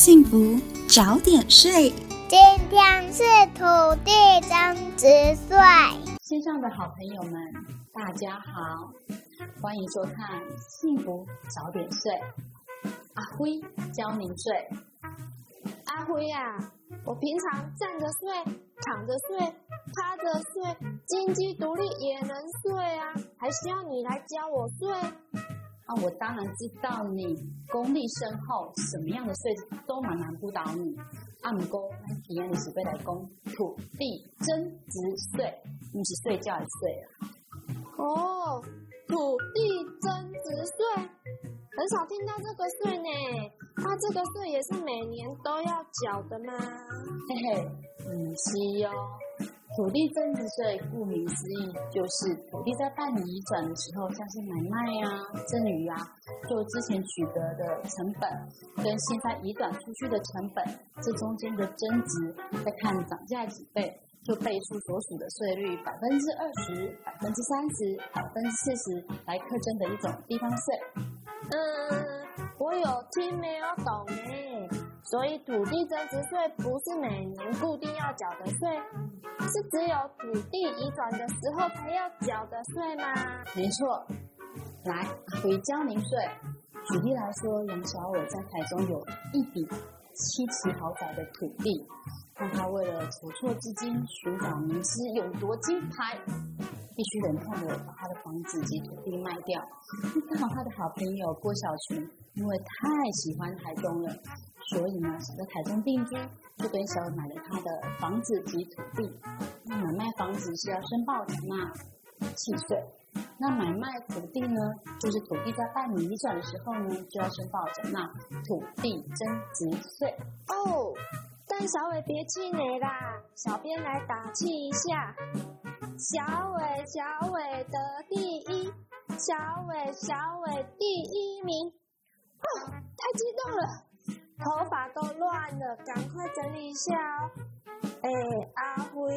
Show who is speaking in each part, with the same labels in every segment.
Speaker 1: 幸福找點稅。今天是土地增值稅。線上的好朋友們，大家好，歡迎收看《幸福找點稅》，阿惠教您稅。阿惠呀、啊，我平常站着睡，躺着睡，趴着睡，金雞獨立也能睡啊，還需要你來教我睡？啊，我當然知道你功力深厚，什麼樣的稅都難難不倒你。阿姆體驗的準備來攻土地增值稅，你是睡覺也睡哦，土地增值稅很少聽到這個稅呢。那這個稅也是每年都要繳的嗎？嘿嘿，嗯，哦，是喲。土地增值稅顧名思義，就是土地在辦理移轉的時候，像是買賣呀、啊、贈與啊，就之前取得的成本跟現在移轉出去的成本，這中間的增值，再看漲價幾倍，就倍數所屬的稅率百分之二十、百分之三十、百分之四十來課徵的一種地方稅。嗯，我有聽沒有懂誒？所以土地增值稅不是每年固定要繳的稅，是只有土地移轉的時候才要繳的稅嗎？沒錯，來，回交易稅。舉例來說，楊小偉在台中有一筆七期豪宅的土地，但他為了籌措資金、尋找名師、勇奪金牌，必須忍痛的把他的房子及土地賣掉。他的好朋友郭小群因為太喜歡台中了。所以呢，選擇台中定居，就跟小偉買了他的房子及土地。那買賣房子是要申報繳納契稅，那買賣土地呢，就是土地在辦理移轉的時候呢，就要申報繳納土地增值稅。哦，但小偉別氣餒啦，小編來打氣一下，小偉小偉得第一，小偉小偉第一名，哦，太激動了。頭髮都亂了，趕快整理一下哦。哎、欸，阿惠，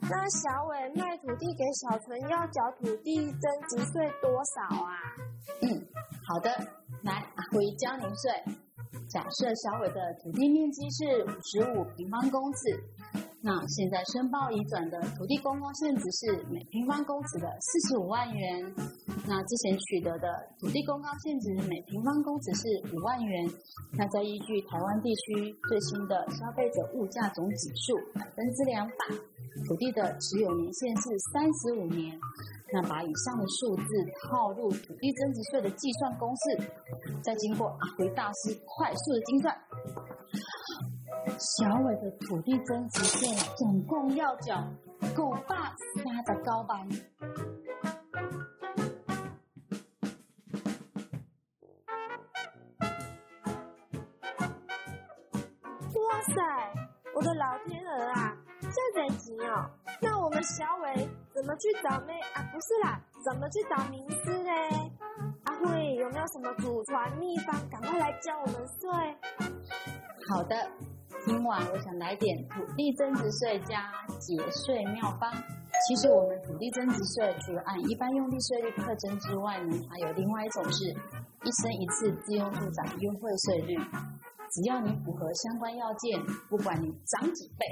Speaker 1: 那小偉賣土地給小陳要繳土地增值稅多少啊？嗯，好的，來，阿惠教您稅。假設小偉的土地面積是五十五平方公尺。那現在申報移轉的土地公告現值是每平方公尺的四十五萬元，那之前取得的土地公告現值每平方公尺是五萬元，那再依據台灣地區最新的消費者物價總指數百分之兩百，土地的持有年限是三十五年，那把以上的數字套入土地增值稅的計算公式，再經過阿惠大師快速的精算。小偉的土地增值稅總共要繳九百八十高吧？哇塞，我的老天鵝啊，這錢哦！那我們小偉怎麼去找妹啊？不是啦，怎麼去找名師呢？阿、啊、惠有沒有什麼祖傳秘方？趕快來教我們，對，好的。今晚我想來點土地增值稅加節稅妙方。其實我們土地增值稅除了按一般用地稅率課徵之外呢，還有另外一種是一生一次自用住宅優惠稅率。只要你符合相關要件，不管你漲幾倍，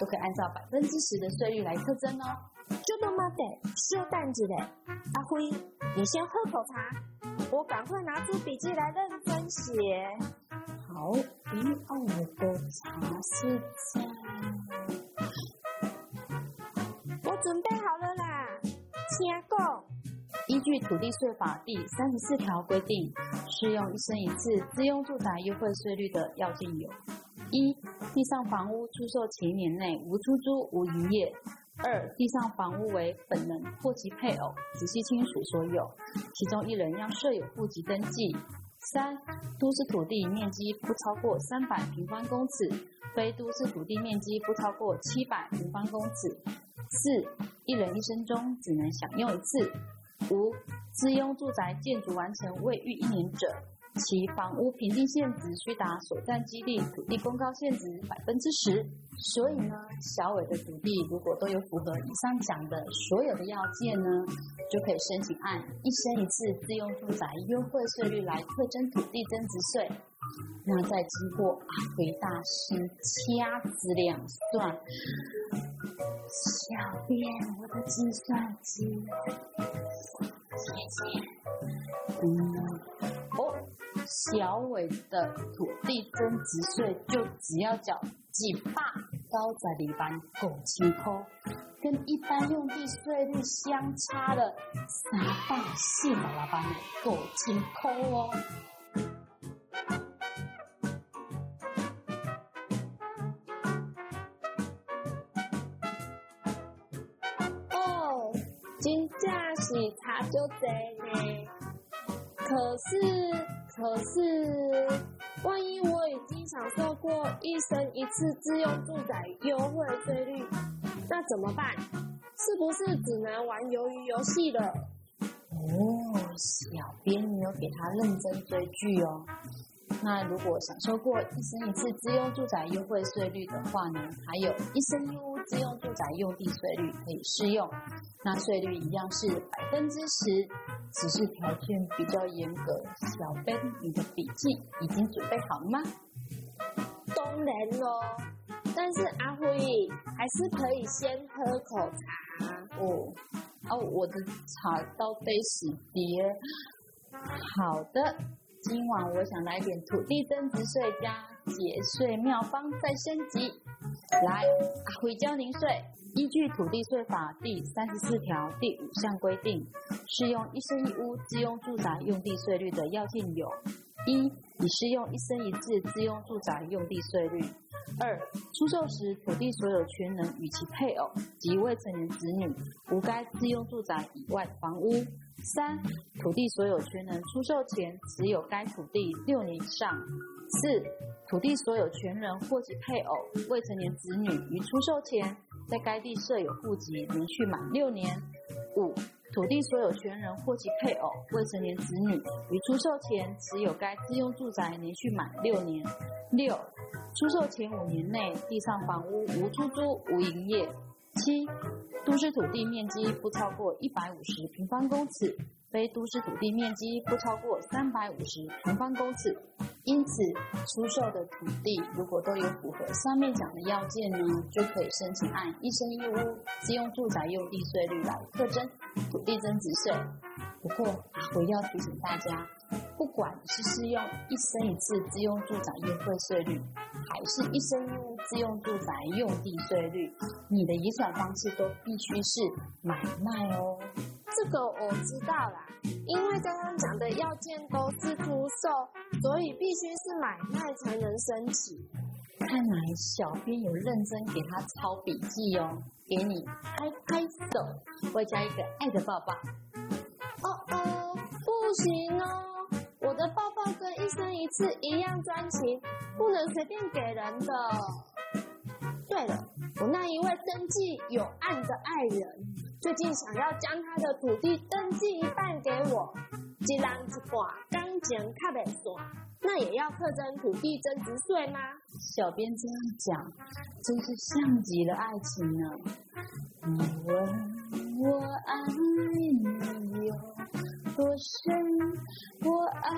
Speaker 1: 都可以按照百分之十的稅率來課徵哦，等等。就那麼得，收單子的阿輝，你先喝口茶，我趕快拿出筆記來認真寫。好，我我一二個茶時間，我準備好了啦，請講。依據《土地稅法》第三十四條規定，適用一生一次自用住宅優惠稅率的要件有：一、地上房屋出售前一年內無出租，租、無營業；二、地上房屋為本人或其配偶、直系親屬所有，其中一人要設有戶籍登記。三、都市土地面積不超過三百平方公尺，非都市土地面積不超過七百平方公尺。四、一人一生中只能享用一次。五、自用住宅建築完成未逾一年者。其房屋評定現值需達所占基地土地公告現值百分之十，所以呢，小偉的土地如果都有符合以上講的所有的要件呢，就可以申請按一生一次自用住宅優惠稅率來課徵土地增值稅。那再經過阿惠大師掐指兩算，小編我的計算機，謝謝，嗯。小偉的土地增值稅就只要繳幾八，高在裡邊夠輕鬆，跟一般用地稅率相差的三到四嘛啦吧呢，夠輕鬆哦，哦。哦，真是差很多耶，可是。可是，萬一我已經享受過一生一次自用住宅優惠稅率，那怎麼辦？是不是只能玩魷魚遊戲了？哦、嗯，小編你有給他認真追劇哦。那如果享受過一生一次自用住宅優惠稅率的話呢？還有一生一屋自用住宅用地稅率可以適用，那稅率一樣是百分之十。只是條件比較嚴格，小貝，你的筆記已經準備好嗎？當然咯，但是阿惠還是可以先喝口茶哦。哦，我的茶倒杯死碟。好的。今晚我想來點土地增值稅加節稅妙方再升級，來，阿惠教您稅。依據《土地稅法》第三十四條第五項規定，適用一生一屋自用住宅用地稅率的要件有。一，已適用一生一次自用住宅用地稅率。二，出售時土地所有權人與其配偶及未成年子女無該自用住宅以外房屋。三，土地所有權人出售前持有該土地六年以上。四，土地所有權人或其配偶、未成年子女於出售前在該地設有戶籍，連續滿六年。五，土地所有權人或其配偶、未成年子女，於出售前持有該自用住宅連續滿六年；六、出售前五年內地上房屋無出租、無營業；七、都市土地面積不超過一百五十平方公尺，非都市土地面積不超過三百五十平方公尺。因此，出售的土地如果都有符合上面講的要件呢，就可以申請按一生一屋自用住宅用地稅率來課徵土地增值稅。不過，我要提醒大家，不管是適用一生一次自用住宅優惠稅率，還是一生一屋自用住宅用地稅率，你的移轉方式都必須是買賣哦。這個我知道啦，因為剛剛講的要件都是出售，所以必須是買賣才能申請。看來小編有認真給他抄筆記哦，給你拍拍手，會加一個愛的抱抱。哦哦，不行哦，我的抱抱跟一生一次一樣專情，不能隨便給人的。對了，我那一位登記有愛的愛人。最近想要將他的土地登記一半給我這，既然只管鋼琴卡貝索，那也要課徵土地增值稅嗎？小編這樣講，真是像極了愛情呢，啊。你問我愛你有多深，我愛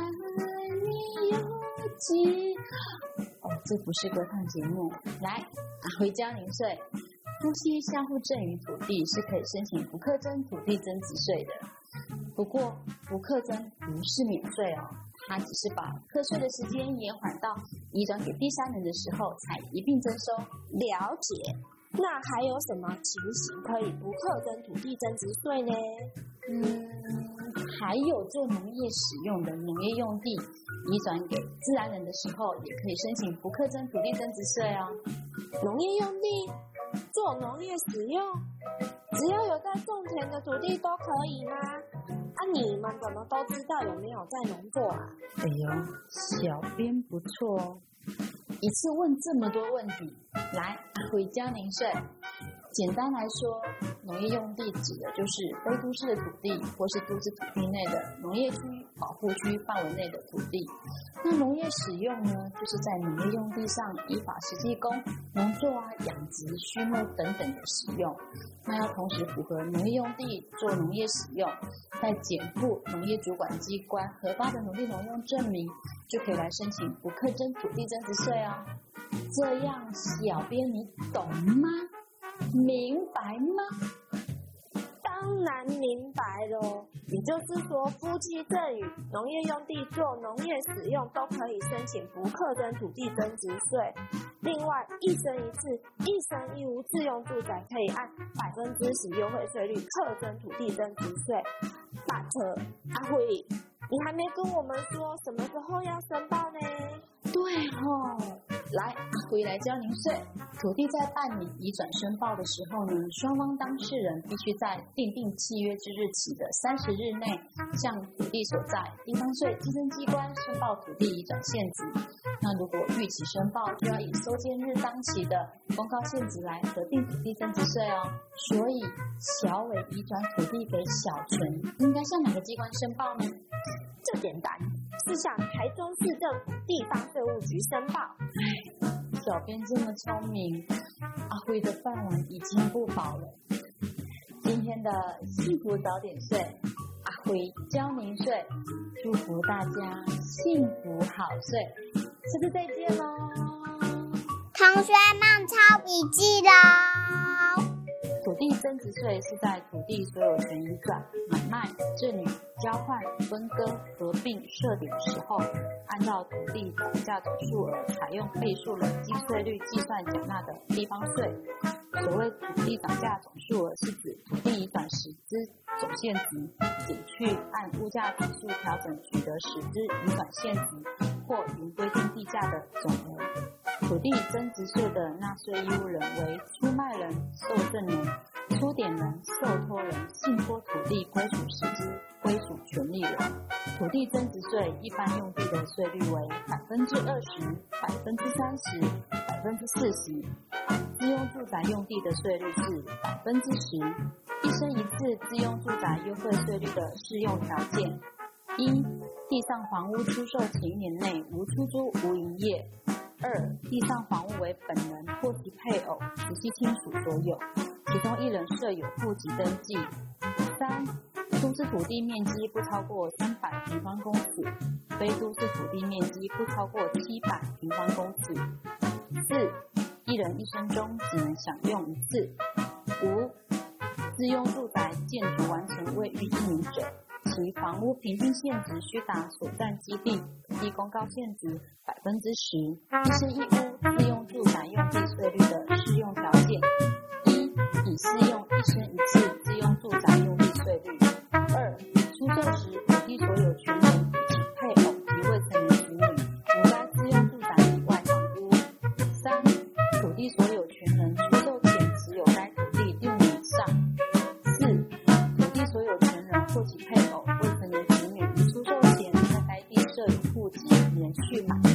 Speaker 1: 你有幾分哦？這不是歌唱節目，來，回家您睡。夫妻相互贈與土地是可以申請不課徵土地增值稅的，不過不課徵不是免稅哦，它只是把課稅的時間延緩到移轉給第三人的時候才一並徵收。了解。那還有什麼情形可以不課徵土地增值稅呢？嗯，還有做農業使用的農業用地移轉給自然人的時候，也可以申請不課徵土地增值稅哦。農業用地。做農業使用，只要有在種田的土地都可以嗎？啊，你們怎麼都知道有沒有在農作啊？哎呦，小編不錯哦、喔，一次問這麼多問題，來，阿惠教您。簡單來說，農業用地指的就是非都市的土地或是都市土地內的農業區。保護區範圍內的土地，那農業使用呢？就是在農業用地上依法實際供農作啊、養殖、畜牧等等的使用。那要同時符合農業用地做農業使用，再檢附農業主管機關核發的農業農用證明，就可以來申請不課徵土地增值稅哦。這樣，小編你懂嗎？明白嗎？當然明白嘍。也就是說，夫妻贈與農業用地做農業使用都可以申請不課徵土地增值稅。另外，一生一次，一生一屋自用住宅可以按百分之十優惠稅率課徵土地增值稅。阿車，阿惠，你還沒跟我們說什麼時候要申報呢？對哦，來，阿惠來教您稅。土地在辦理移轉申報的時候呢，雙方當事人必須在訂定契約之日起的三十日內，向土地所在地方稅稽徵機關申報土地移轉現值。那如果逾期申報，就要以收件日當期的公告現值來核定土地增值稅哦。所以，小偉移轉土地給小陳應該向哪個機關申報呢？這、嗯、簡單，是向台中市政府地方稅務局申報。小編這麼聰明，阿惠的飯碗已經不保了。今天的幸福找點稅，阿惠教您稅，祝福大家幸福好稅，下次再見嘍！同學們，抄筆記嘍！土地增值稅是在土地所有權移轉、買賣、贈與、交換、分割、合併、設定的時候，按照土地漲價總數額，採用倍數累進稅率計算繳納的地方稅。所謂土地漲價總數額，是指土地已移轉時之總現值，減去按物價指數調整取得時之已移轉現值或原規定地價的總額。土地增值稅的納稅義務人為出賣人、受贈人。出典人、受託人、信托土地歸屬時之歸屬權利人。土地增值稅一般用地的稅率為百分之二十、百分之三十、百分之四十。自用住宅用地的稅率是百分之十。一生一次自用住宅優惠稅率的適用條件：一、地上房屋出售前一年內無出租、無營業；二、地上房屋為本人或其配偶直系親屬所有。其中一人設有戶籍登記；三、都市土地面積不超過三百平方公尺，非都市土地面積不超過七百平方公尺；四、一人一生中只能享用一次；五、自用住宅建築完成未逾一年者，其房屋平均現值須達所佔基地地公告現值百分之十，這是一屋自用住宅用地稅率的適用條件。適用一生一次自用住宅用地稅率。二、出售時土地所有權人及其配偶及未成年子女，無該自用住宅以外房屋。三、土地所有權人出售前持有該土地六年以上。四、土地所有權人或其配偶、未成年子女出售前在該地設有戶籍連續滿。